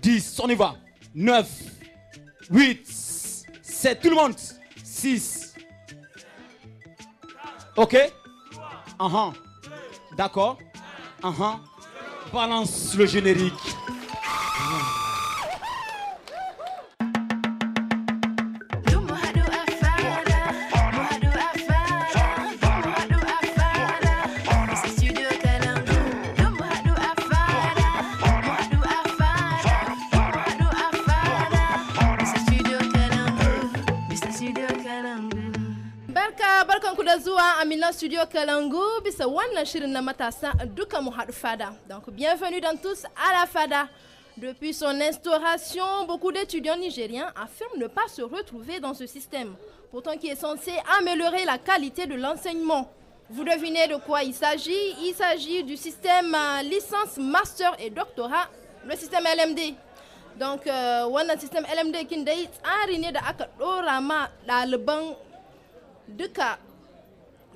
10, on y va. 9, 8, 7, tout le monde. 6. Ok uh-huh. D'accord uh-huh. Balance le générique. studio Kalango, duka fada. Donc bienvenue dans tous à la fada. Depuis son instauration, beaucoup d'étudiants nigériens affirment ne pas se retrouver dans ce système, pourtant qui est censé améliorer la qualité de l'enseignement. Vous devinez de quoi il s'agit Il s'agit du système euh, licence, master et doctorat, le système LMD. Donc, le euh, système LMD kin un tsari ne da aka dora ma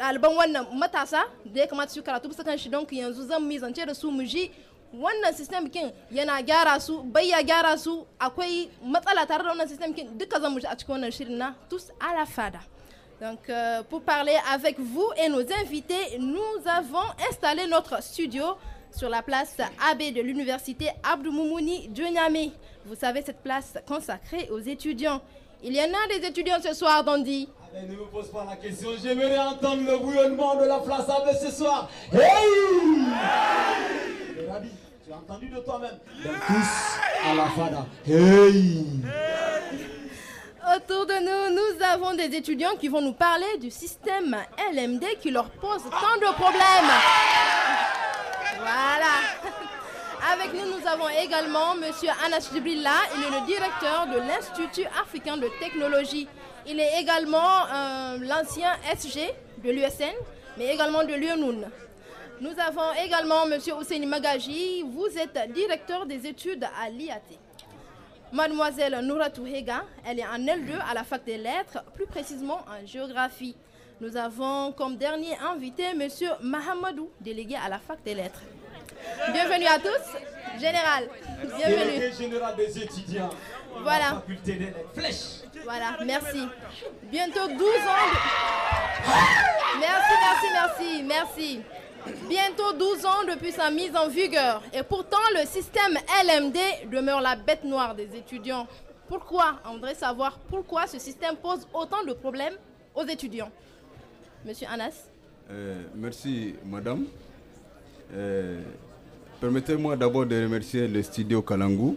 ɗaliban wannan matasa da ya kamata su karatu bisa kan shi don yanzu zan mizance da su mu ji wannan system kin yana gyara su bayya gyara su akwai matsala tare da wannan system kin duka zan mu ji a cikin wannan shirin na tous à la fada Donc, euh, pour parler avec vous et nos invités, nous avons installé notre studio sur la place AB de l'université Abdou Moumouni de Niamey. Vous savez, cette place consacrée aux étudiants. Il y en a des étudiants ce soir, Dandy ne me pose pas la question. J'aimerais entendre le bouillonnement de la flassable ce soir. Hey, hey tu as entendu de toi-même. tous à la fada. Hey, Autour de nous, nous avons des étudiants qui vont nous parler du système LMD qui leur pose tant de problèmes. Voilà. Avec nous, nous avons également M. Anas Jibrilla, il est le directeur de l'Institut africain de technologie. Il est également euh, l'ancien SG de l'USN, mais également de l'UNUN. Nous avons également M. Ousseini Magaji, vous êtes directeur des études à l'IAT. Mademoiselle Noura Touhega, elle est en L2 à la fac des lettres, plus précisément en géographie. Nous avons comme dernier invité M. Mahamadou, délégué à la fac des lettres. Bienvenue à tous. Général, bienvenue. général des étudiants. Voilà. faculté des flèches. Voilà, merci. Bientôt 12 ans. Merci, merci, merci, merci. Bientôt 12 ans depuis sa mise en vigueur. Et pourtant, le système LMD demeure la bête noire des étudiants. Pourquoi André, savoir pourquoi ce système pose autant de problèmes aux étudiants. Monsieur Anas euh, Merci, madame. Euh, Permettez-moi d'abord de remercier le studio Kalangu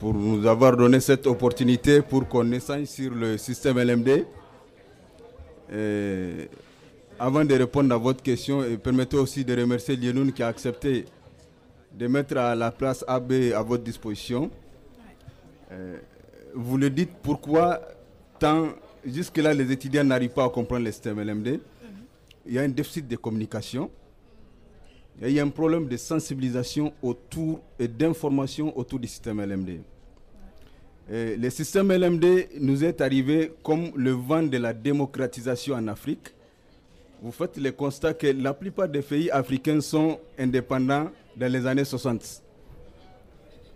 pour nous avoir donné cette opportunité pour qu'on essaye sur le système LMD. avant de répondre à votre question, permettez aussi de remercier Lienoun qui a accepté de mettre à la place AB à votre disposition. vous le dites pourquoi tant jusque-là les étudiants n'arrivent pas à comprendre le système LMD. Il y a un déficit de communication il y a un problème de sensibilisation autour et d'information autour du système LMD. le système LMD nous est arrivé comme le vent de la démocratisation en Afrique. Vous faites le constat que la plupart des pays africains sont indépendants dans les années 60.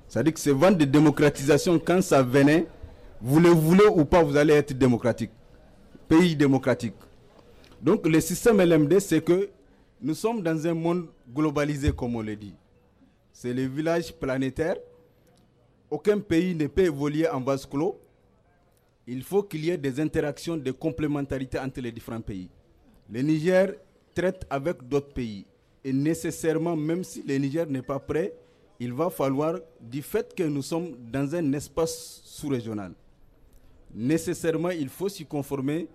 C'est-à-dire que ce vent de démocratisation, quand ça venait, vous le voulez ou pas, vous allez être démocratique. Pays démocratique. Donc le système LMD, c'est que nous sommes dans un monde globalisé, comme on le dit. C'est le village planétaire. Aucun pays ne peut évoluer en vase clos. Il faut qu'il y ait des interactions, des complémentarités entre les différents pays. Le Niger traite avec d'autres pays. Et nécessairement, même si le Niger n'est pas prêt, il va falloir, du fait que nous sommes dans un espace sous-régional, nécessairement, il faut s'y conformer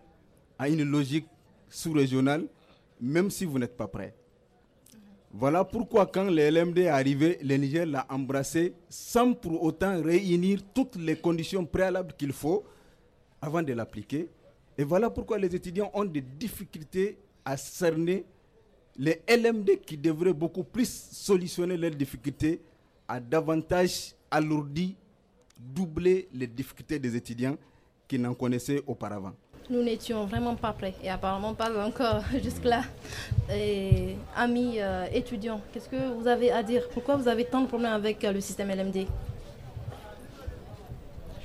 à une logique sous-régionale même si vous n'êtes pas prêt. Voilà pourquoi quand le LMD est arrivé, le Niger l'a embrassé sans pour autant réunir toutes les conditions préalables qu'il faut avant de l'appliquer. Et voilà pourquoi les étudiants ont des difficultés à cerner les LMD qui devraient beaucoup plus solutionner leurs difficultés à davantage alourdi, doubler les difficultés des étudiants qui n'en connaissaient auparavant nous n'étions vraiment pas prêts et apparemment pas encore jusque-là. Et amis euh, étudiants, qu'est-ce que vous avez à dire Pourquoi vous avez tant de problèmes avec euh, le système LMD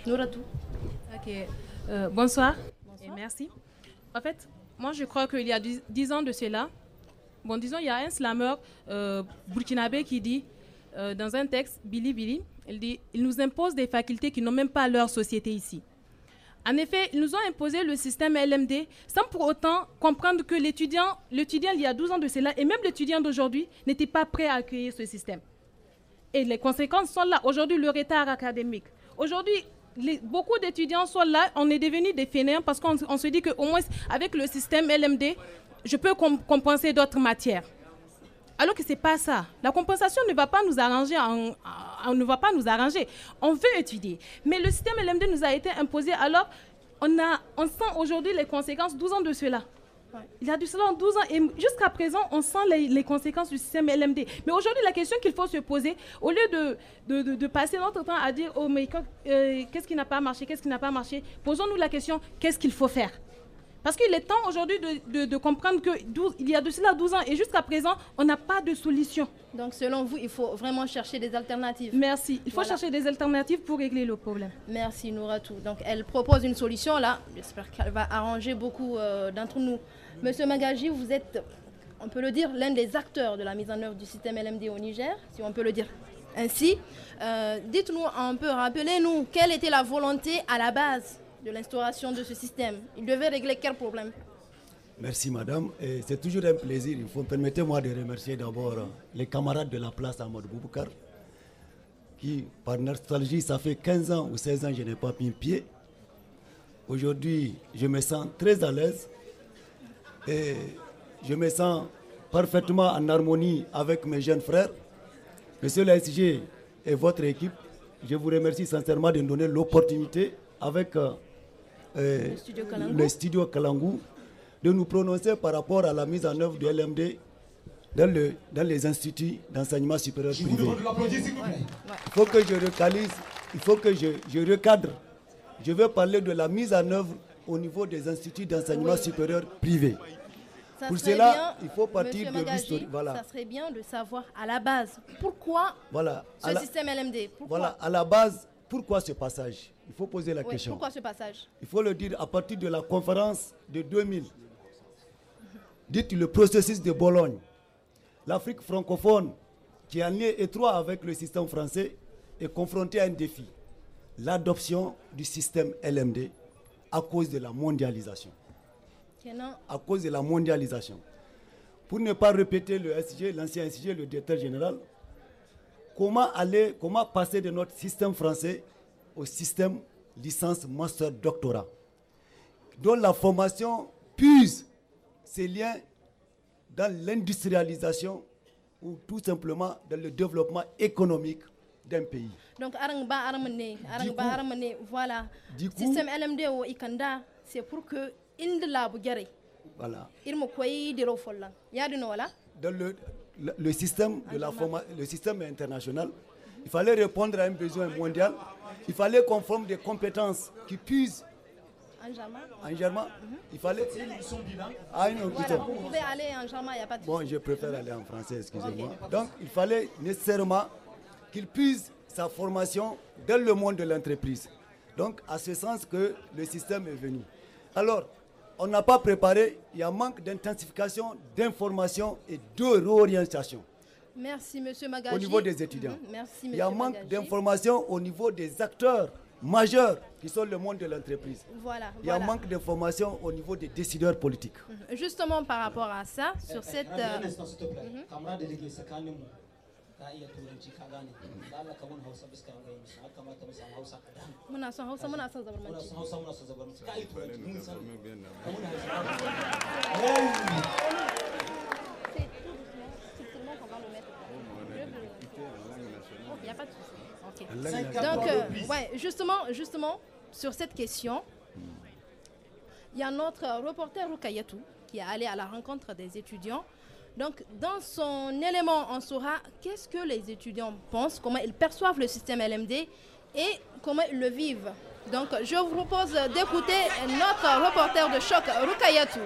tout. Ok, euh, bonsoir. merci. En fait, moi je crois qu'il y a dix ans de cela, bon disons il y a un slammer burkinabé qui dit dans un texte, Billy Billy, il dit, il nous impose des facultés qui n'ont même pas leur société ici. En effet, ils nous ont imposé le système LMD sans pour autant comprendre que l'étudiant, l'étudiant il y a 12 ans de cela et même l'étudiant d'aujourd'hui n'était pas prêt à accueillir ce système. Et les conséquences sont là. Aujourd'hui, le retard académique. Aujourd'hui, beaucoup d'étudiants sont là. On est devenus des fainéants parce qu'on se dit qu'au moins avec le système LMD, je peux compenser d'autres matières. Alors que ce n'est pas ça. La compensation ne va pas nous arranger. on ne va pas nous arranger. On veut étudier. Mais le système LMD nous a été imposé. Alors, on, a, on sent aujourd'hui les conséquences 12 ans de cela. Il y a du cela en 12 ans et jusqu'à présent, on sent les, conséquences du système LMD. Mais aujourd'hui, la question qu'il faut se poser, au lieu de, de, de, passer notre temps à dire, oh mais euh, qu'est-ce qui n'a pas marché, qu'est-ce qui n'a pas marché, posons-nous la question, qu'est-ce qu'il faut faire parce qu'il est temps aujourd'hui de, comprendre qu'il y a de cela 12 ans et jusqu'à présent, on n'a pas de solution. Donc selon vous, il faut vraiment chercher des alternatives. Merci. Il faut chercher des alternatives pour régler le problème. Merci Nouratou. Donc elle propose une solution là. J'espère qu'elle va arranger beaucoup euh, d'entre nous. Monsieur Magaji, vous êtes, on peut le dire, l'un des acteurs de la mise en œuvre du système LMD au Niger, si on peut le dire ainsi. Euh, dites-nous un peu, rappelez-nous, quelle était la volonté à la base de l'instauration de ce système. Il devait régler quel problème Merci madame, c'est toujours un plaisir. Il faut permettez-moi de remercier d'abord les camarades de la place à Bouboukar qui par nostalgie, ça fait 15 ans ou 16 ans je n'ai pas mis pied. Aujourd'hui, je me sens très à l'aise et je me sens parfaitement en harmonie avec mes jeunes frères. Monsieur le SG et votre équipe, je vous remercie sincèrement de nous donner l'opportunité avec euh, euh, le, studio Kalangou de nous prononcer par rapport à la mise en œuvre du LMD dans, le, dans les instituts d'enseignement supérieur privé. Il faut que je recalise, il faut que je, je, recadre. Je veux parler de la mise en œuvre au niveau des instituts d'enseignement supérieur privé. Pour cela, il faut partir de l'histoire. Voilà. Ça serait bien de savoir à la base pourquoi voilà, ce système LMD. Pourquoi voilà, à la base, pourquoi ce passage Il faut poser la question. Pourquoi ce passage Il faut le dire à partir de la conférence de 2000. Dites le processus de Bologne. L'Afrique francophone, qui est en lien étroit avec le système français, est confrontée à un défi. L'adoption du système LMD à cause de la mondialisation. À cause de la mondialisation. Pour ne pas répéter le SG, l'ancien SG, le directeur général, comment aller, comment passer de notre système français au système licence, master, doctorat, dont la formation puise ses liens dans l'industrialisation ou tout simplement dans le développement économique d'un pays. Donc, Arangba voilà. système LMD au Ikanda, c'est pour que Indela Bougare. Voilà. Il me croyait de Yadino, Dans le, le, système de la le système international. Il fallait répondre à un besoin mondial. Il fallait qu'on forme des compétences qui puissent en Germain. En Germain Il fallait. Ah, vous pouvez aller en Germain, il n'y a pas de Bon, je préfère aller en français, excusez-moi. Donc, il fallait nécessairement qu'il puisse sa formation dans le monde de l'entreprise. Donc, à ce sens que le système est venu. Alors, on n'a pas préparé, il y a manque d'intensification, d'information et de réorientation. Merci, Monsieur Magali. Au niveau des étudiants. Mhm, merci, Il y a manque d'information au niveau des acteurs majeurs qui sont le monde de l'entreprise. Voilà, Il y a manque d'information au niveau des décideurs politiques. Mhm. Justement, par rapport à ça, sur cette na iya turanci ka gane da Allah ka mun hausa fuska ga musu har kamata mu samu hausa kadan muna son hausa muna son zabar muna son hausa muna son zabarmanci ka yi turanci mun san ka mun hausa Il n'y a pas Donc, euh, ouais, justement, justement, sur cette question, il y a notre reporter Rukayatou qui est allé à la rencontre des étudiants donc, dans son élément, on saura qu'est-ce que les étudiants pensent, comment ils perçoivent le système LMD et comment ils le vivent. Donc, je vous propose d'écouter notre reporter de choc, Rukayatou.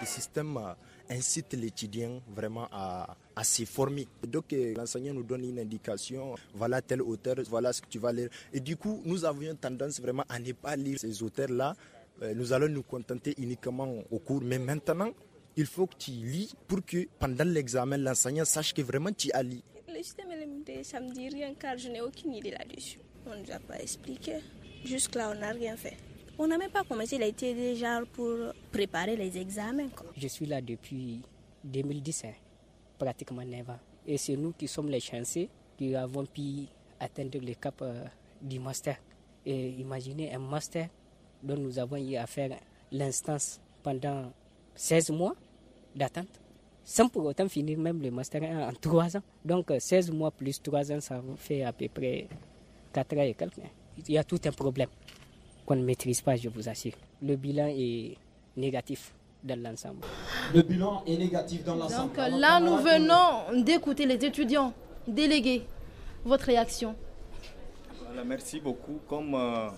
Ce système euh, incite l'étudiant vraiment à, à former. Donc euh, l'enseignant nous donne une indication, voilà tel auteur, voilà ce que tu vas lire. Et du coup, nous avions tendance vraiment à ne pas lire ces auteurs-là. Euh, nous allons nous contenter uniquement au cours. Mais maintenant, il faut que tu lis pour que pendant l'examen, l'enseignant sache que vraiment tu as lu. Le système élémentaire, ça me dit rien car je n'ai aucune idée là-dessus. On ne nous a pas expliqué. Jusque-là, on n'a rien fait. On n'a même pas commencé l'été déjà pour préparer les examens. Je suis là depuis 2010, pratiquement 9 ans. Et c'est nous qui sommes les chanceux qui avons pu atteindre le cap euh, du master. Et imaginez un master dont nous avons eu à faire l'instance pendant 16 mois d'attente sans pour autant finir même le master en 3 ans. Donc 16 euh, mois plus 3 ans, ça fait à peu près 4 ans et quelques. Il y a tout un problème qu'on ne maîtrise pas, je vous assure. Le bilan est négatif dans l'ensemble. Le bilan est négatif dans l'ensemble. Donc là, nous venons d'écouter les étudiants délégués. Votre réaction Merci beaucoup. Comme euh,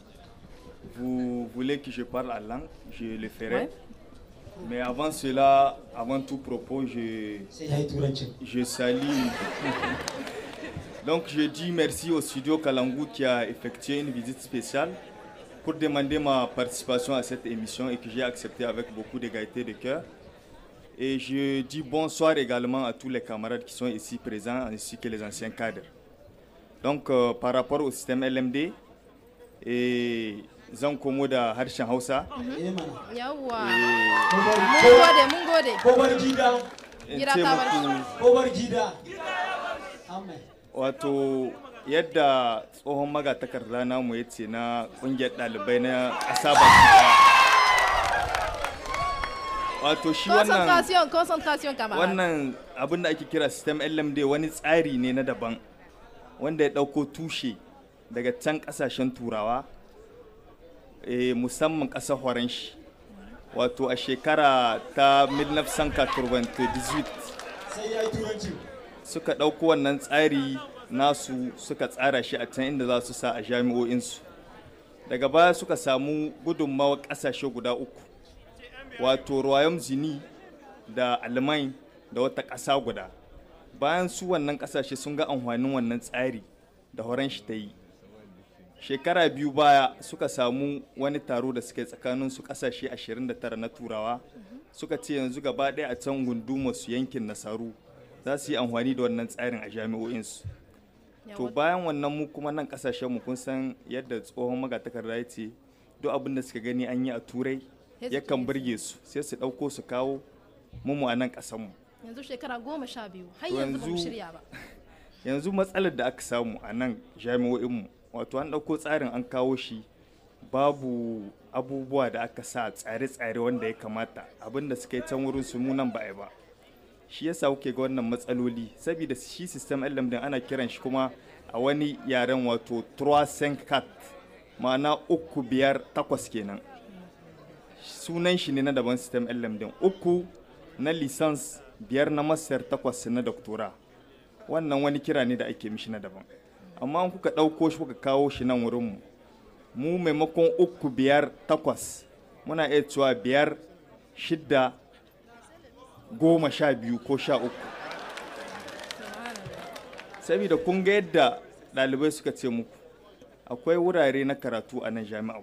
vous voulez que je parle à langue, je le ferai. Mais avant cela, avant tout propos, je, je salue. Donc je dis merci au studio Kalangu qui a effectué une visite spéciale pour demander ma participation à cette émission et que j'ai accepté avec beaucoup d'égalité de cœur. Et je dis bonsoir également à tous les camarades qui sont ici présents ainsi que les anciens cadres. Donc euh, par rapport au système LMD, et zan komo da harshen hausa eh, yawwa eh, mun gode mun gode kobar gida ta kobar gida wato yadda tsohon magatakarda mu ya ce na kungiyar ɗalibai na ƙasa ba wato shi wannan wannan abin da ake kira system lmd wani tsari ne na daban wanda ya ɗauko tushe daga can ƙasashen turawa Eh, musamman ƙasar horon wato a shekara ta 1998 suka ɗauko wannan tsari nasu suka tsara shi a can inda za su sa a jami'o'insu daga baya suka samu gudunmawar ƙasashe guda uku wato royal zini da alman da wata ƙasa guda bayan su wannan ƙasashe sun ga amfanin wannan tsari da horon shi ta yi shekara biyu baya suka samu wani taro da suke yi tsakanin su kasashe 29 na turawa suka ce yanzu gaba ɗaya a can gunduma su yankin nasaru za su yi amfani da wannan tsarin a jami'o'insu to bayan wannan mu kuma nan kasashen mu kun san yadda tsohon magatakarda ya ce duk abin da suka gani an yi a turai ya kan burge su sai su ɗauko su kawo mu a nan ƙasan mu yanzu shekara goma sha biyu har yanzu ba mu shirya ba yanzu matsalar da aka samu a nan jami'o'in mu wato an ɗauko tsarin an kawo shi babu abubuwa da aka sa tsare-tsare wanda ya kamata abinda suka yi can wurin su nan ba a ba shi yasa kuke ga wannan matsaloli saboda shi system LM din ana kiran shi kuma a wani yaren wato 3 kat ma'ana uku biyar takwas kenan sunan shi ne na daban system LM din uku na lisans biyar na masar takwas na doktora wannan wani kira ne da ake mishi na daban amma an kuka ɗauko shi kuka kawo shi nan wurinmu mu maimakon uku biyar takwas muna iya cewa biyar shidda goma sha biyu ko sha uku saboda kun ga yadda ɗalibai suka ce muku akwai wurare na karatu a nan jami'a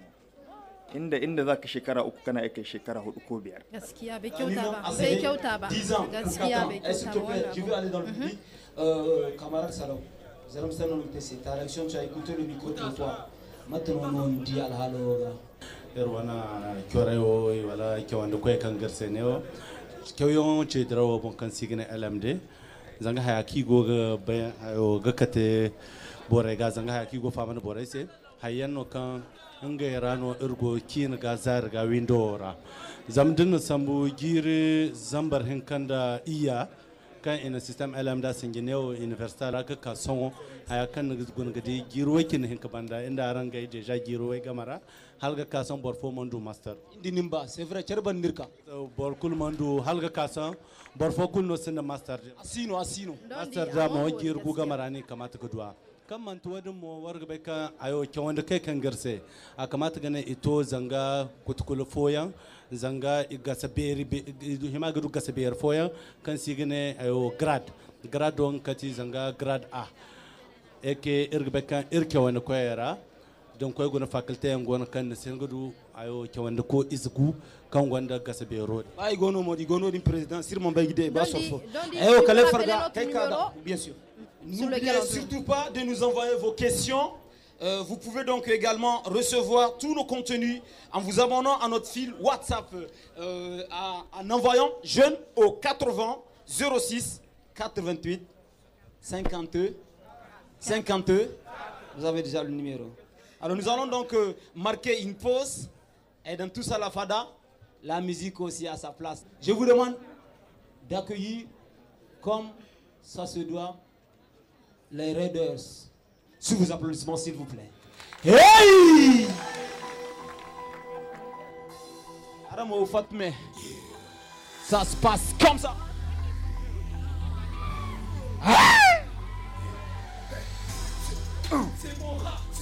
inda inda za ka shekara uku kana aika shekara hudu ko biyar gaskiya bai kyauta ba bai kyauta ba gaskiya bai kyauta ba zaram sanu te se direction cha écouter le micro une fois n'o non di al haloga er wana kyorayo wala kyawanda koy kan garseneo kyawyon che drawo bon kan signa lmd zanga haya ki go ga bayan hayo ga kate bore ga zanga haya ki go famana bore se hayan no kan nga rano irgo er kin ga zar ga windora zamdin sambu giri zambar hinkanda iya kan ina system alam da singi raka kasongo la ka haya kan ngi gidi girwe kini hinka banda inda ran ga je gamara halga kasong borfo mandu master indi nimba sevra cherba nirka borkul mandu halga kasong borfo kul no sinda master asino asino master da mo girgu gamara ni kamata ka kan mantu wadin mu warga bai kan ayo ke wanda kai kan garse a kamata gane ito zanga kutukulu foyan zanga gasa beri hima gudu gasa beri foyan kan si gane ayo grad grad don kati zanga grad a eke irga bai kan irke wani koyara don koy gona faculty yan gona kan da sen gudu ayo ke wanda ko izgu kan wanda gasa road bai gono modi gono din president sirman bai gide ba sofo ayo kale farga kai ka bien sûr N'oubliez surtout pas de nous envoyer vos questions. Euh, vous pouvez donc également recevoir tous nos contenus en vous abonnant à notre fil WhatsApp, euh, en envoyant jeune au 80 06 88 52 52. Vous avez déjà le numéro. Alors nous allons donc euh, marquer une pause. Et dans tout ça, la fada, la musique aussi à sa place. Je vous demande d'accueillir comme ça se doit les Raiders. Sous vos applaudissements, s'il vous plaît. Hey! Ça se passe comme ça.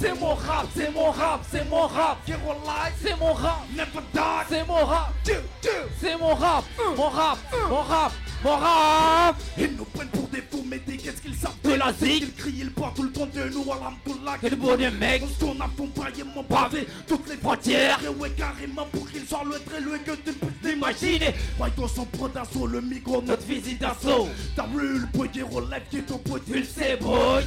c'est mon rap, c'est mon rap, c'est mon rap. c'est mon rap, never die. C'est mon rap, c'est mon rap, mon rap, mon rap, mon rap. Ils nous prennent pour des fous, mais des qu'est-ce qu'ils savent de la zig. Ils crient, ils partent tout le temps de nous, alhamdoulilah. Quel bonnet mec, on se tourne à fond, mon pavé, toutes les frontières. Et carrément pour qu'ils soient le très loin que tu peux t'imaginer. Maïdo son pro d'assaut, le micro, notre visite d'assaut. T'as vu le boy qui relève, qui est au bout, Il le boy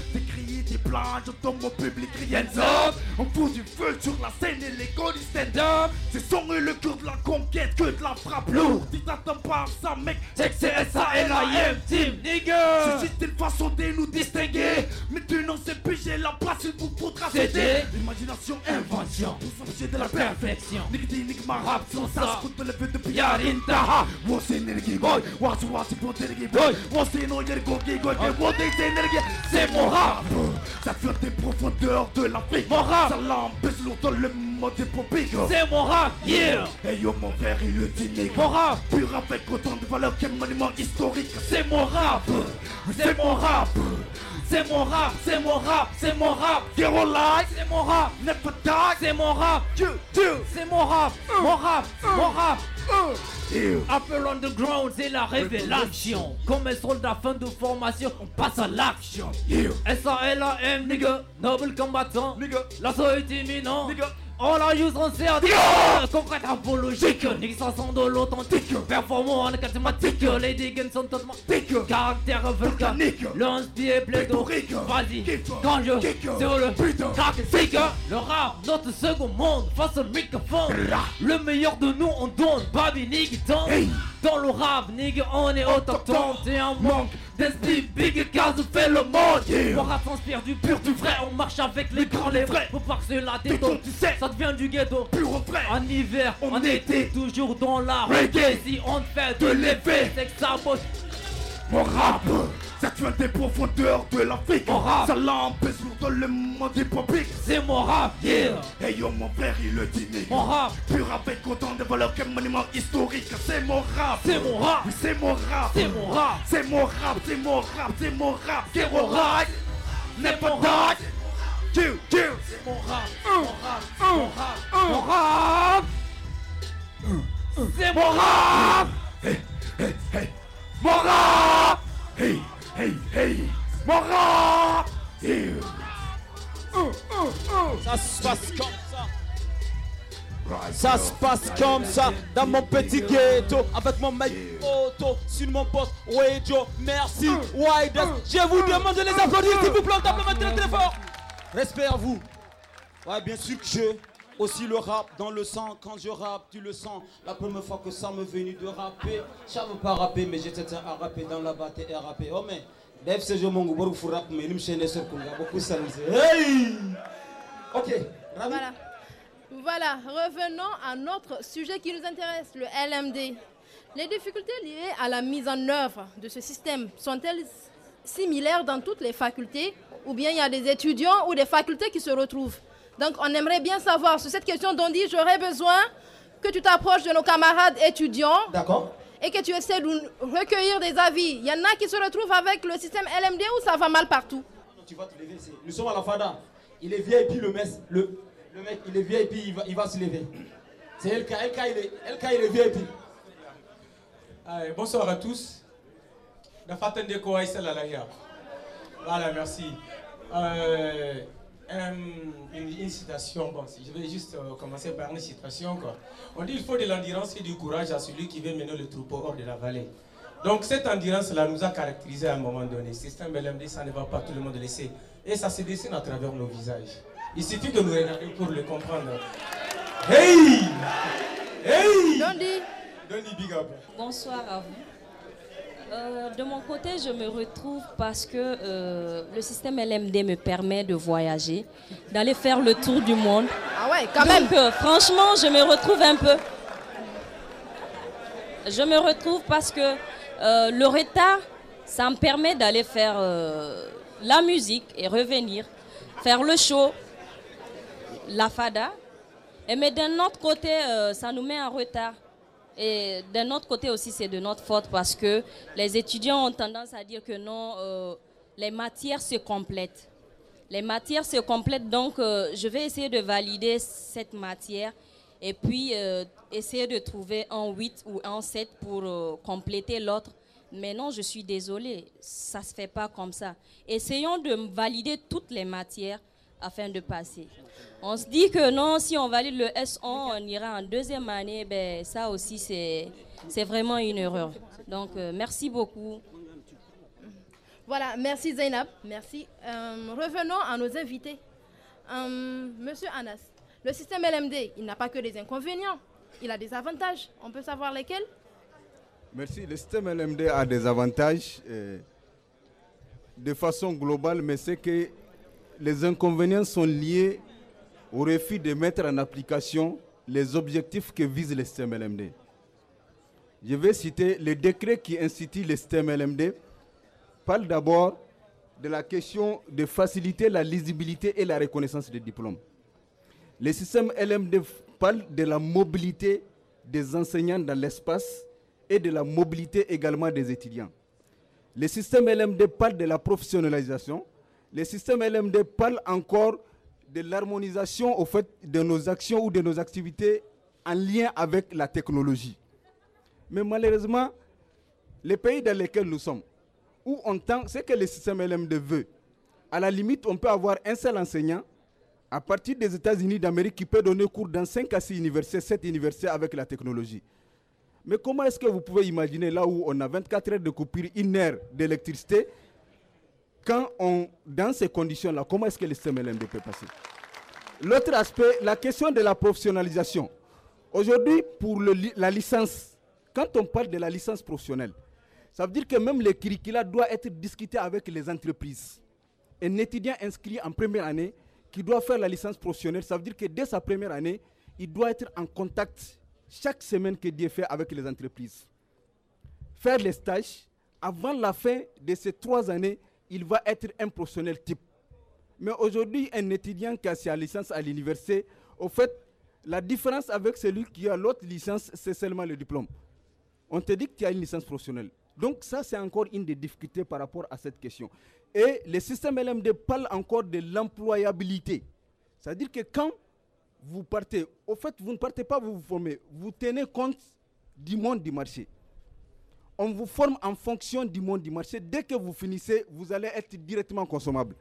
plage, on tombe au public, rien up. On pousse du feu sur la scène et les du stand-up. C'est son et le cœur de la conquête que de la frappe lourde. Si t'attends pas à ça, mec, c'est que c'est S-A-L-I-M Team Nigga. C'est juste une façon de nous distinguer. Mais tu Maintenant, sais plus j'ai la place, il vous faudra céder. Imagination, invention, qui est de la perfection. Nigdi, nigga ma rap, sans ça, je le feu de Moi c'est nirgi, boy, wassi, wassi, poté, nirgi, boy. Wossi, no, yergo, gigo, que wossi, nirgi, c'est mon rap. Ça flotte des profondeurs de l'Afrique. Mon rap, ça l'embête longtemps le monde des pompiers. C'est mon rap, yeah. Hey yo, mon père, il le dit, Mon rap, pur avec autant de valeur qu'un monument historique. C'est mon rap, c'est mon rap. C'est mon rap, c'est mon rap, c'est mon rap. Zero life, c'est mon rap. Never die, c'est mon rap. tu c'est mon rap. Mon rap, mon rap the ground c'est la révélation. Comme un soldat fin de formation, on passe à l'action. S-A-L-A-M, nigga. Noble combattant, nigga. L'assaut est imminent, nigga. On oh, la, use on sert Concrète apologique sont de l'authentique Performant en mathématique Les dégâts sont totalement Caractère volcanique lance inspiré est pléthorique Vas-y, quand je Sur le putain Crac, Le rap, notre second monde Face au microphone Le meilleur de nous on donne baby nig dans Dans le rap, nigga on est autochtone T'es un manque Destiny big et fait le monde yeah. Pour la transpire du pur, du vrai On marche avec les, grands, les vrais Faut pas que cela détonne, tu sais Ça devient du ghetto, pur au vrai En hiver, en, été, toujours dans la reggae Si on fait de l'effet, c'est que ça bosse ça tue Cette des profondeurs de l'Afrique Mon rap, Ça l'empêche lourd dans le monde hip C'est mon rap, yeah Hey yo mon frère il le dit Mon rap, Pur avec autant de valeurs qu'un monument historique C'est mon rap C'est mon rap c'est mon rap C'est mon rap C'est mon rap C'est mon rap C'est mon rap C'est mon rap N'est pas rap, C'est mon rap Mon rap Mon rap Mon rap C'est mon rap Hey, hey, hey Mora Hey, hey, hey Mora hey. Ça se passe comme ça ça se passe comme ça dans mon petit ghetto avec mon mec auto sur mon poste radio. Merci Ouais, Je vous demande de les applaudir s'il vous plaît, on tape très très fort. Respect à vous. Ouais, bien sûr que je aussi le rap dans le sang, quand je rappe, tu le sens. La première fois que ça me venu de rapper, je veut pas rapper, mais j'étais à rapper dans la bataille et à rapper. Oh mais, c'est je m'en pour rap, mais il me sur a beaucoup ça Hey! Ok, Voilà. Voilà, revenons à notre sujet qui nous intéresse, le LMD. Les difficultés liées à la mise en œuvre de ce système sont-elles similaires dans toutes les facultés ou bien il y a des étudiants ou des facultés qui se retrouvent donc on aimerait bien savoir sur cette question dit j'aurais besoin que tu t'approches de nos camarades étudiants. D'accord. Et que tu essaies de recueillir des avis. Il y en a qui se retrouvent avec le système LMD ou ça va mal partout. tu vas te lever. Nous sommes à la FADA. Il est et puis le, mec, le, mec, il est et puis il va, se lever. C'est LK, LK, il est, LK, et puis. bonsoir à tous. La Fatende à Alaya. Voilà, merci. Euh, euh, une, citation, bon, je vais juste euh, commencer par une citation. Quoi. On dit qu'il faut de l'endurance et du courage à celui qui veut mener le troupeau hors de la vallée. Donc cette endurance-là nous a caractérisé à un moment donné. C'est bel MD, ça ne va pas tout le monde laisser. Et ça se dessine à travers nos visages. Il suffit de nous regarder pour le comprendre. Hey! Hey! Dondi! Dondi, big Bonsoir à vous. Euh, de mon côté, je me retrouve parce que euh, le système LMD me permet de voyager, d'aller faire le tour du monde. Ah ouais, quand même. Euh, franchement, je me retrouve un peu. Je me retrouve parce que le retard, ça me permet d'aller faire la musique et revenir, faire le show, la fada. Et mais d'un autre côté, ça nous met en retard. Et d'un autre côté aussi, c'est de notre faute parce que les étudiants ont tendance à dire que non, euh, les matières se complètent. Les matières se complètent, donc euh, je vais essayer de valider cette matière et puis euh, essayer de trouver un 8 ou un 7 pour compléter l'autre. Mais non, je suis désolée, ça ne se fait pas comme ça. Essayons de valider toutes les matières afin de passer. On se dit que non, si on valide le S1, on ira en deuxième année. Ben, ça aussi, c'est vraiment une erreur. Donc, euh, merci beaucoup. Voilà, merci Zainab. Merci. Euh, revenons à nos invités. Euh, Monsieur Anas, le système LMD, il n'a pas que des inconvénients, il a des avantages. On peut savoir lesquels Merci. Le système LMD a des avantages de façon globale, mais c'est que les inconvénients sont liés au refus de mettre en application les objectifs que vise le système LMD. Je vais citer le décret qui institue le système LMD parle d'abord de la question de faciliter la lisibilité et la reconnaissance des diplômes. Le système LMD parle de la mobilité des enseignants dans l'espace et de la mobilité également des étudiants. Le système LMD parle de la professionnalisation, le système LMD parle encore de l'harmonisation au fait de nos actions ou de nos activités en lien avec la technologie. Mais malheureusement, les pays dans lesquels nous sommes, où on tend, ce que le système LMD veut. À la limite, on peut avoir un seul enseignant à partir des États-Unis d'Amérique qui peut donner cours dans 5 à 6 universités, 7 universités avec la technologie. Mais comment est-ce que vous pouvez imaginer là où on a 24 heures de coupure, une heure d'électricité quand on, dans ces conditions-là, comment est-ce que le CMLMD peut passer L'autre aspect, la question de la professionnalisation. Aujourd'hui, pour la licence, quand on parle de la licence professionnelle, ça veut dire que même le curricula doit être discuté avec les entreprises. Un étudiant inscrit en première année qui doit faire la licence professionnelle, ça veut dire que dès sa première année, il doit être en contact chaque semaine que Dieu fait avec les entreprises. Faire les stages avant la fin de ces trois années il va être un professionnel type. Mais aujourd'hui, un étudiant qui a sa licence à l'université, au fait, la différence avec celui qui a l'autre licence, c'est seulement le diplôme. On te dit que tu as une licence professionnelle. Donc ça, c'est encore une des difficultés par rapport à cette question. Et le système LMD parle encore de l'employabilité. C'est-à-dire que quand vous partez, au fait, vous ne partez pas, vous vous formez, vous tenez compte du monde du marché on vous forme en fonction du monde du marché. Dès que vous finissez, vous allez être directement consommable.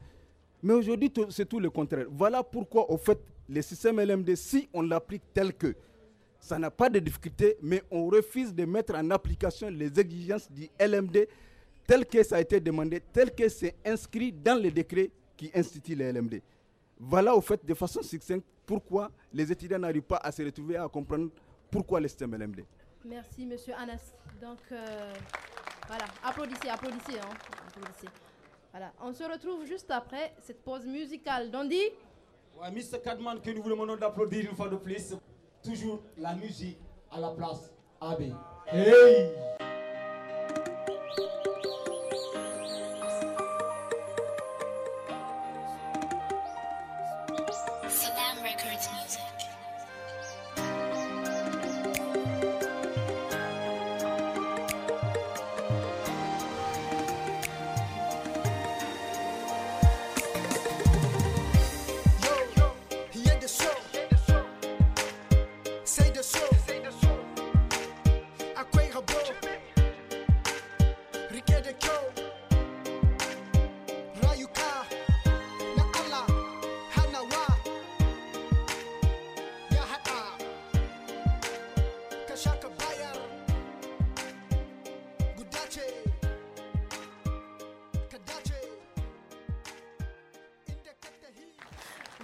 Mais aujourd'hui, c'est tout le contraire. Voilà pourquoi, au fait, le système LMD, si on l'applique tel que, ça n'a pas de difficulté, mais on refuse de mettre en application les exigences du LMD tel que ça a été demandé, tel que c'est inscrit dans le décret qui institue le LMD. Voilà, au fait, de façon succincte, pourquoi les étudiants n'arrivent pas à se retrouver à comprendre pourquoi le système LMD. Merci, Monsieur Anas. Donc, euh, voilà, applaudissez, hein. applaudissez, Voilà, on se retrouve juste après cette pause musicale. Dandy Ouais, Mr. Cadman, que nous voulons demandons d'applaudir une fois de plus. Toujours la musique à la place AB. Hey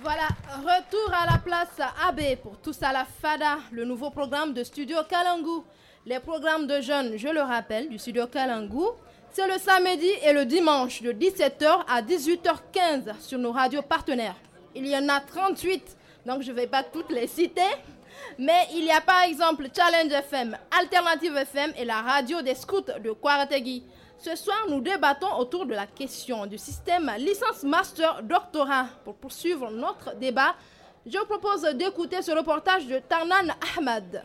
Voilà, retour à la place AB pour tous à la FADA, le nouveau programme de Studio Kalangu. Les programmes de jeunes, je le rappelle, du Studio Kalangu c'est le samedi et le dimanche de 17h à 18h15 sur nos radios partenaires. Il y en a 38, donc je ne vais pas toutes les citer. Mais il y a par exemple Challenge FM, Alternative FM et la radio des scouts de Kouarategui. Ce soir, nous débattons autour de la question du système licence master doctorat. Pour poursuivre notre débat, je propose d'écouter ce reportage de Tarnan Ahmad.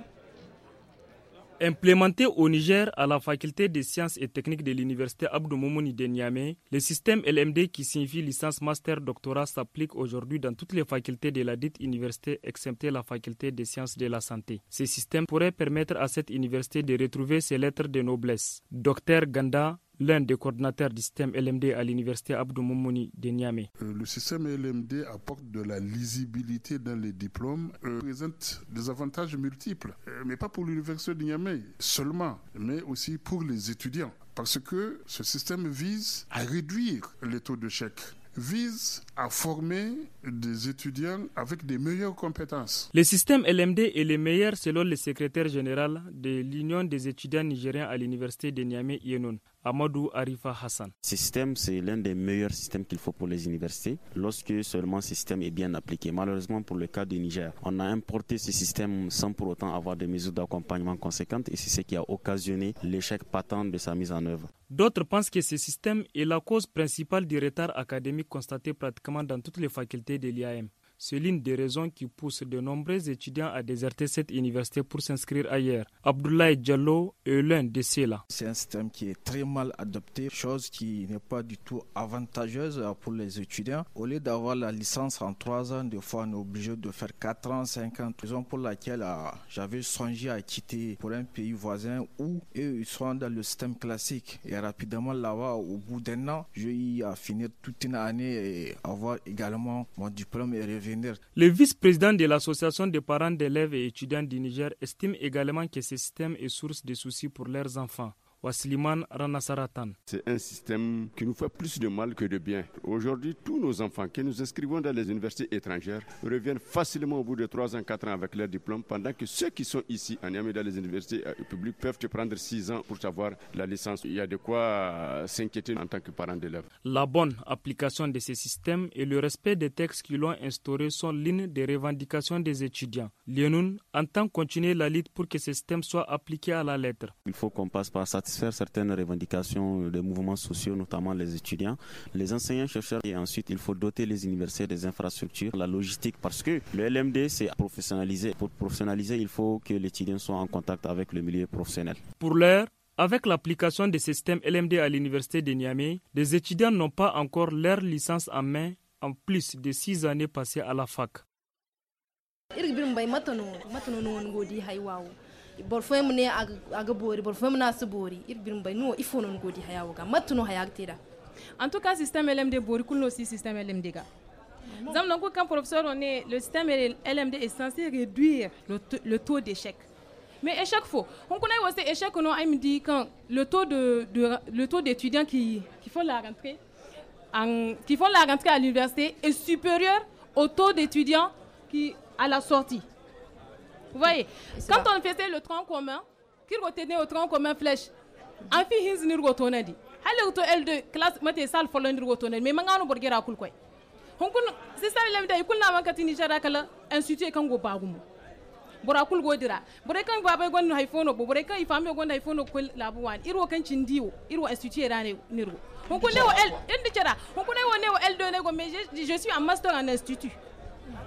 Implémenté au Niger à la faculté des sciences et techniques de l'université Abdou Moumouni de Niamey, le système LMD qui signifie licence master doctorat s'applique aujourd'hui dans toutes les facultés de la dite université excepté la faculté des sciences de la santé. Ce système pourrait permettre à cette université de retrouver ses lettres de noblesse. Docteur Ganda l'un des coordinateurs du système LMD à l'université Abdou Moumouni de Niamey. Euh, le système LMD apporte de la lisibilité dans les diplômes, euh, présente des avantages multiples, euh, mais pas pour l'université de Niamey seulement, mais aussi pour les étudiants, parce que ce système vise à réduire les taux de chèque, vise à former des étudiants avec des meilleures compétences. Le système LMD est le meilleur selon le secrétaire général de l'Union des étudiants nigériens à l'université de Niamey Yenoun. Amadou Arifa Hassan. Ce système, c'est l'un des meilleurs systèmes qu'il faut pour les universités lorsque seulement ce système est bien appliqué. Malheureusement, pour le cas du Niger, on a importé ce système sans pour autant avoir des mesures d'accompagnement conséquentes et c'est ce qui a occasionné l'échec patent de sa mise en œuvre. D'autres pensent que ce système est la cause principale du retard académique constaté pratiquement dans toutes les facultés de l'IAM. C'est l'une des raisons qui pousse de nombreux étudiants à déserter cette université pour s'inscrire ailleurs. Abdoulaye Diallo est l'un de ceux-là. C'est un système qui est très mal adopté, chose qui n'est pas du tout avantageuse pour les étudiants. Au lieu d'avoir la licence en trois ans, des fois on est obligé de faire quatre ans, cinq ans. Raison pour laquelle ah, j'avais songé à quitter pour un pays voisin où ils sont dans le système classique. Et rapidement là-bas, au bout d'un an, j'ai eu à finir toute une année et avoir également mon diplôme et le vice-président de l'Association des parents d'élèves et étudiants du Niger estime également que ce système est source de soucis pour leurs enfants. Ranasaratan. C'est un système qui nous fait plus de mal que de bien. Aujourd'hui, tous nos enfants que nous inscrivons dans les universités étrangères reviennent facilement au bout de 3 ans, 4 ans avec leur diplôme, pendant que ceux qui sont ici en Niamey dans les universités euh, publiques peuvent te prendre 6 ans pour avoir la licence. Il y a de quoi euh, s'inquiéter en tant que parent d'élève. La bonne application de ce système et le respect des textes qui l'ont instauré sont l'une des revendications des étudiants. Lienoun entend continuer la lutte pour que ce système soit appliqué à la lettre. Il faut qu'on passe par cette faire certaines revendications euh, des mouvements sociaux, notamment les étudiants, les enseignants-chercheurs. Et ensuite, il faut doter les universités des infrastructures, la logistique, parce que le LMD, c'est professionnalisé. Pour professionnaliser, il faut que l'étudiant soit en contact avec le milieu professionnel. Pour l'heure, avec l'application des systèmes LMD à l'université de Niamey, des étudiants n'ont pas encore leur licence en main, en plus de six années passées à la fac borfoye ne aga bori borfoye muna su bori irbirin bai nuwa ifo non godi haya waga matuno haya tira en tout cas système LMD bori kulno si système LMD ga zam nan ko kan professeur on est le système LMD est censé réduire le, le taux d'échec mais échec fois, on connaît aussi échec non il me dit quand le taux de, de le taux d'étudiants qui qui font la rentrée en, qui font la rentrée à l'université est supérieur au taux d'étudiants qui à la sortie vous voyez Quand on faisait le tronc commun, qui retenait au tronc commun flèche An fi hinzi ni rotona pas. Halle to L2 classe mate sal folon ni rotona. Mais mangano borgera kul koy. Hunkun sisa lamda ikul na mankati ni jara kala institué kan go bagumu. bora kul godira bora kan baba gon hay fono bo bora kan ifam gon hay fono kul labu wan iro kan cindiwo iro institué rane niro on connaît au L, on dit ça. On connaît au L2 négo, mais je, je suis un master en institut.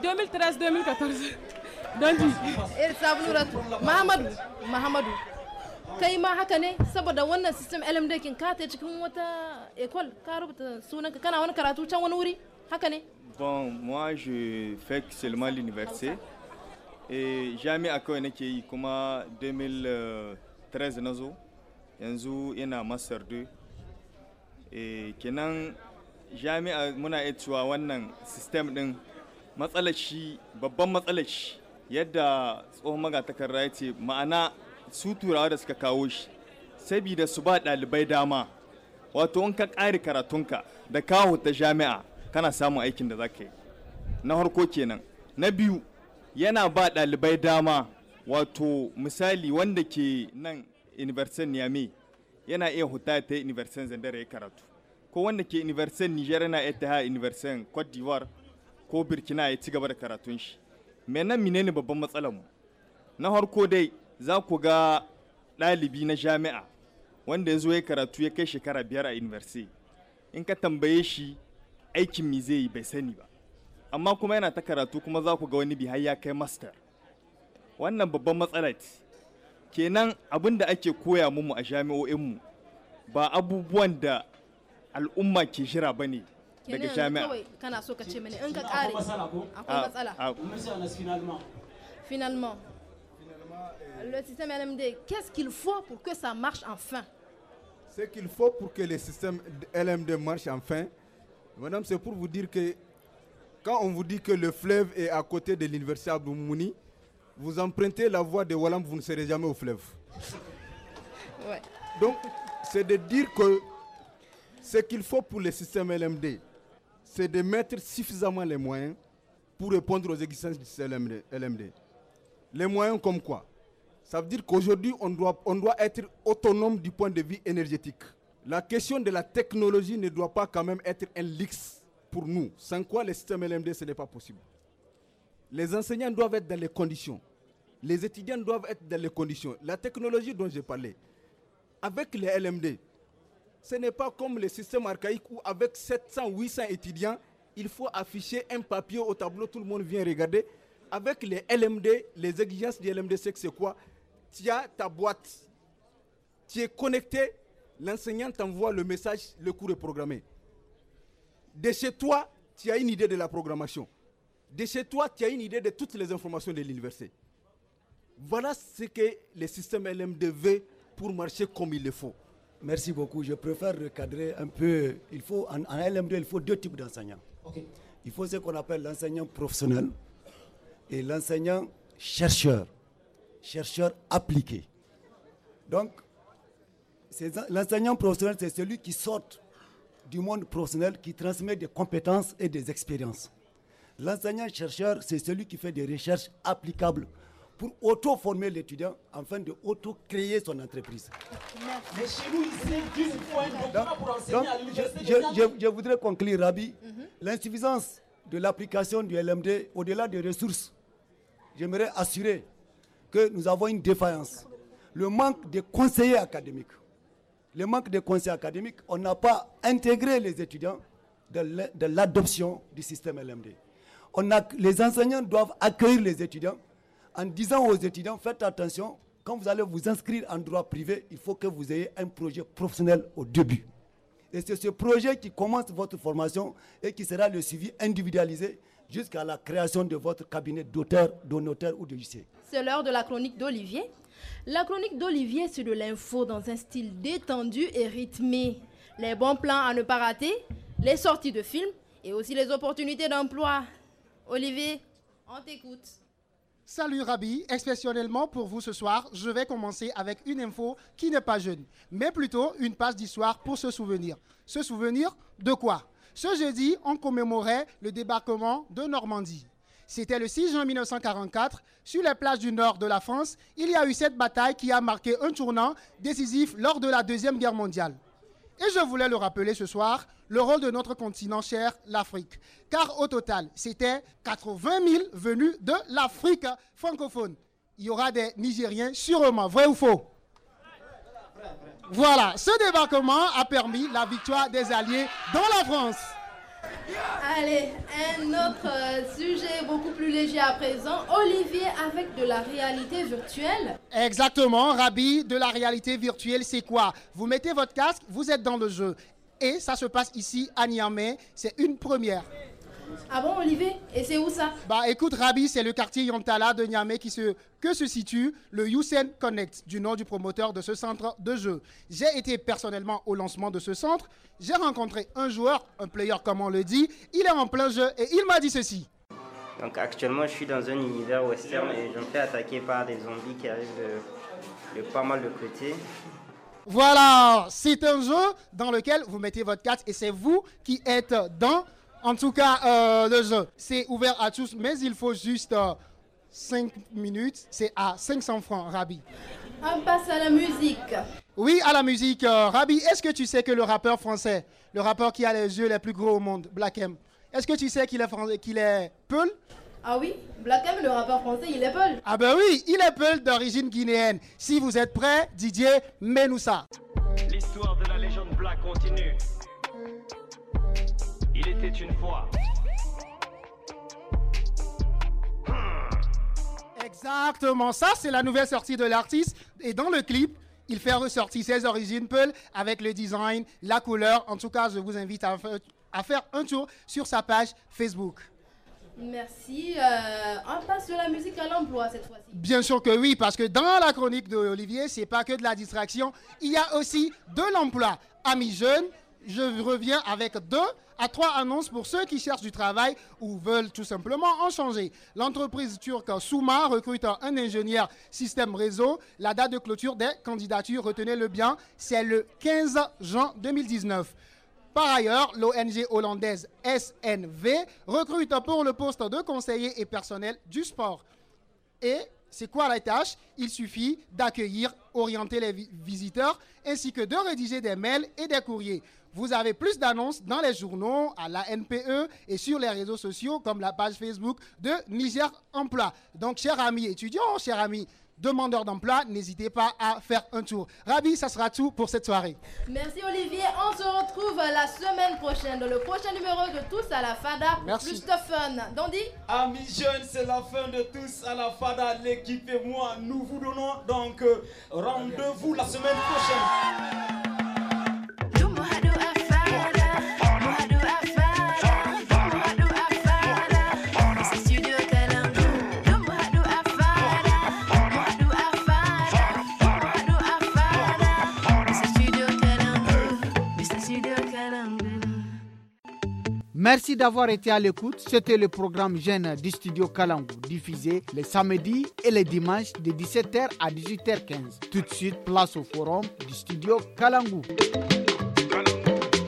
2013 2014 don ça vous rate. mahamadu mahamadu kai ma haka ne saboda wannan system lmd kin ka ta cikin wata école ka rubuta sunanka kana wani karatu can wani wuri haka ne bon moi je fais seulement l'université et jamais akwai nake yi kuma 2013 na yanzu ina master 2 eh kenan jami'a muna iya cewa wannan system din matsalar shi babban matsalar shi yadda tsohon magatakarda ya ce ma'ana su turawa da suka kawo shi sabida su ba ɗalibai dama wato in ka kare karatunka da kawo ta jami'a kana samun aikin da za ka yi na harko kenan na biyu yana ba ɗalibai dama wato misali wanda ke nan universal niamey yana iya huta ta yi universal zandara ya karatu ko wanda ke universal niger yana iya ta universal cote d'ivoire ko Burkina ya ci gaba da karatun shi. Me nan mine ne babban matsalar mu? Na harko dai za ku ga ɗalibi na jami'a wanda ya zo ya karatu ya kai shekara biyar a university. In ka tambaye shi aikin mi zai yi bai sani ba. Amma kuma yana ta karatu kuma za ku ga wani bi ya kai master. Wannan babban matsala ce. Kenan abin da ake koya mu a jami'o'in mu ba abubuwan da al'umma ke jira ba ne finalement euh, le système LMD qu'est-ce qu'il faut pour que ça marche enfin ce qu'il faut pour que le système LMD marche enfin madame c'est pour vous dire que quand on vous dit que le fleuve est à côté de l'université Abdoumouni, vous empruntez la voie de Walam, vous ne serez jamais au fleuve. Donc, c'est de dire que ce qu'il faut pour le système LMD, c'est de mettre suffisamment les moyens pour répondre aux exigences du LMD. LMD. Les moyens comme quoi Ça veut dire qu'aujourd'hui, on doit, on doit être autonome du point de vue énergétique. La question de la technologie ne doit pas quand même être un luxe pour nous, sans quoi le système LMD, ce n'est pas possible. Les enseignants doivent être dans les conditions. Les étudiants doivent être dans les conditions. La technologie dont j'ai parlé, avec les LMD, ce n'est pas comme le système archaïque où avec 700, 800 étudiants, il faut afficher un papier au tableau, tout le monde vient regarder. Avec les LMD, les exigences du LMD, c'est quoi Tu as ta boîte, tu es connecté, l'enseignant t'envoie le message, le cours est programmé. De chez toi, tu as une idée de la programmation. De chez toi, tu as une idée de toutes les informations de l'université. Voilà ce que le système LMD veut pour marcher comme il le faut. Merci beaucoup. Je préfère recadrer un peu. Il faut, en, LM2, il faut deux types d'enseignants. Il faut ce qu'on appelle l'enseignant professionnel et l'enseignant chercheur, chercheur appliqué. Donc, l'enseignant professionnel, c'est celui qui sort du monde professionnel, qui transmet des compétences et des expériences. L'enseignant chercheur, c'est celui qui fait des recherches applicables pour auto-former l'étudiant afin de auto-créer son entreprise. Mais chez nous, pour enseigner à Je, voudrais conclure, Rabi. Mhm. L'insuffisance de l'application du LMD au-delà des ressources, j'aimerais assurer que nous avons une défaillance. Le manque de conseillers académiques. Le manque de conseillers académiques, on n'a pas intégré les étudiants de l'adoption du système LMD. On a, les enseignants doivent accueillir les étudiants en disant aux étudiants, faites attention, quand vous allez vous inscrire en droit privé, il faut que vous ayez un projet professionnel au début. Et c'est ce projet qui commence votre formation et qui sera le suivi individualisé jusqu'à la création de votre cabinet d'auteur, de notaire ou de lycée. C'est l'heure de la chronique d'Olivier. La chronique d'Olivier, c'est de l'info dans un style détendu et rythmé. Les bons plans à ne pas rater, les sorties de films et aussi les opportunités d'emploi. Olivier, on t'écoute. Salut Rabbi. exceptionnellement pour vous ce soir, je vais commencer avec une info qui n'est pas jeune, mais plutôt une page d'histoire pour se souvenir. Se souvenir de quoi Ce jeudi, on commémorait le débarquement de Normandie. C'était le 6 juin 1944, sur les plages du nord de la France, il y a eu cette bataille qui a marqué un tournant décisif lors de la Deuxième Guerre mondiale. Et je voulais le rappeler ce soir, le rôle de notre continent cher, l'Afrique. Car au total, c'était 80 000 venus de l'Afrique francophone. Il y aura des Nigériens sûrement, vrai ou faux Voilà, ce débarquement a permis la victoire des Alliés dans la France. Allez, un autre euh, sujet beaucoup plus léger à présent. Olivier avec de la réalité virtuelle. Exactement, Rabi, de la réalité virtuelle, c'est quoi Vous mettez votre casque, vous êtes dans le jeu. Et ça se passe ici à Niamey. C'est une première. Ah bon, Olivier Et c'est où ça Bah écoute, Rabi, c'est le quartier Yontala de Niamey qui se, que se situe le Youssef Connect, du nom du promoteur de ce centre de jeu. J'ai été personnellement au lancement de ce centre. J'ai rencontré un joueur, un player comme on le dit. Il est en plein jeu et il m'a dit ceci. Donc actuellement, je suis dans un univers western et je me fais attaquer par des zombies qui arrivent de, de pas mal de côtés. Voilà, c'est un jeu dans lequel vous mettez votre carte et c'est vous qui êtes dans, en tout cas, euh, le jeu. C'est ouvert à tous, mais il faut juste 5 euh, minutes. C'est à 500 francs, Rabi. On passe à la musique. Oui, à la musique. Euh, Rabi, est-ce que tu sais que le rappeur français, le rappeur qui a les yeux les plus gros au monde, Black M, est-ce que tu sais qu'il est, qu'il est Peul ah oui Black M, le rappeur français, il est Peul. Ah ben oui, il est Peul d'origine guinéenne. Si vous êtes prêts, Didier, mets-nous ça. L'histoire de la légende Black continue. Il était une fois. Exactement ça, c'est la nouvelle sortie de l'artiste. Et dans le clip, il fait ressortir ses origines Peul avec le design, la couleur. En tout cas, je vous invite à faire un tour sur sa page Facebook. Merci. Euh, on passe de la musique à l'emploi cette fois-ci. Bien sûr que oui, parce que dans la chronique de Olivier, c'est pas que de la distraction, il y a aussi de l'emploi. Amis jeunes, je reviens avec deux à trois annonces pour ceux qui cherchent du travail ou veulent tout simplement en changer. L'entreprise turque Souma recrute un ingénieur système réseau. La date de clôture des candidatures, retenez-le bien, c'est le 15 juin 2019. Par ailleurs, l'ONG hollandaise SNV recrute pour le poste de conseiller et personnel du sport. Et c'est quoi la tâche Il suffit d'accueillir, orienter les visiteurs ainsi que de rédiger des mails et des courriers. Vous avez plus d'annonces dans les journaux, à la NPE et sur les réseaux sociaux comme la page Facebook de Niger Emploi. Donc, chers amis étudiants, chers amis demandeurs d'emploi, n'hésitez pas à faire un tour. Ravi, ça sera tout pour cette soirée. Merci Olivier. On se retrouve la semaine prochaine dans le prochain numéro de Tous à la Fada. Merci. Plus de fun. Dandy Amis jeunes, c'est la fin de Tous à la Fada. L'équipe et moi, nous vous donnons donc euh, rendez-vous la semaine prochaine. Merci d'avoir été à l'écoute. C'était le programme jeune du studio Kalangu, diffusé les samedis et les dimanches de 17h à 18h15. Tout de suite, place au forum du studio Kalangu.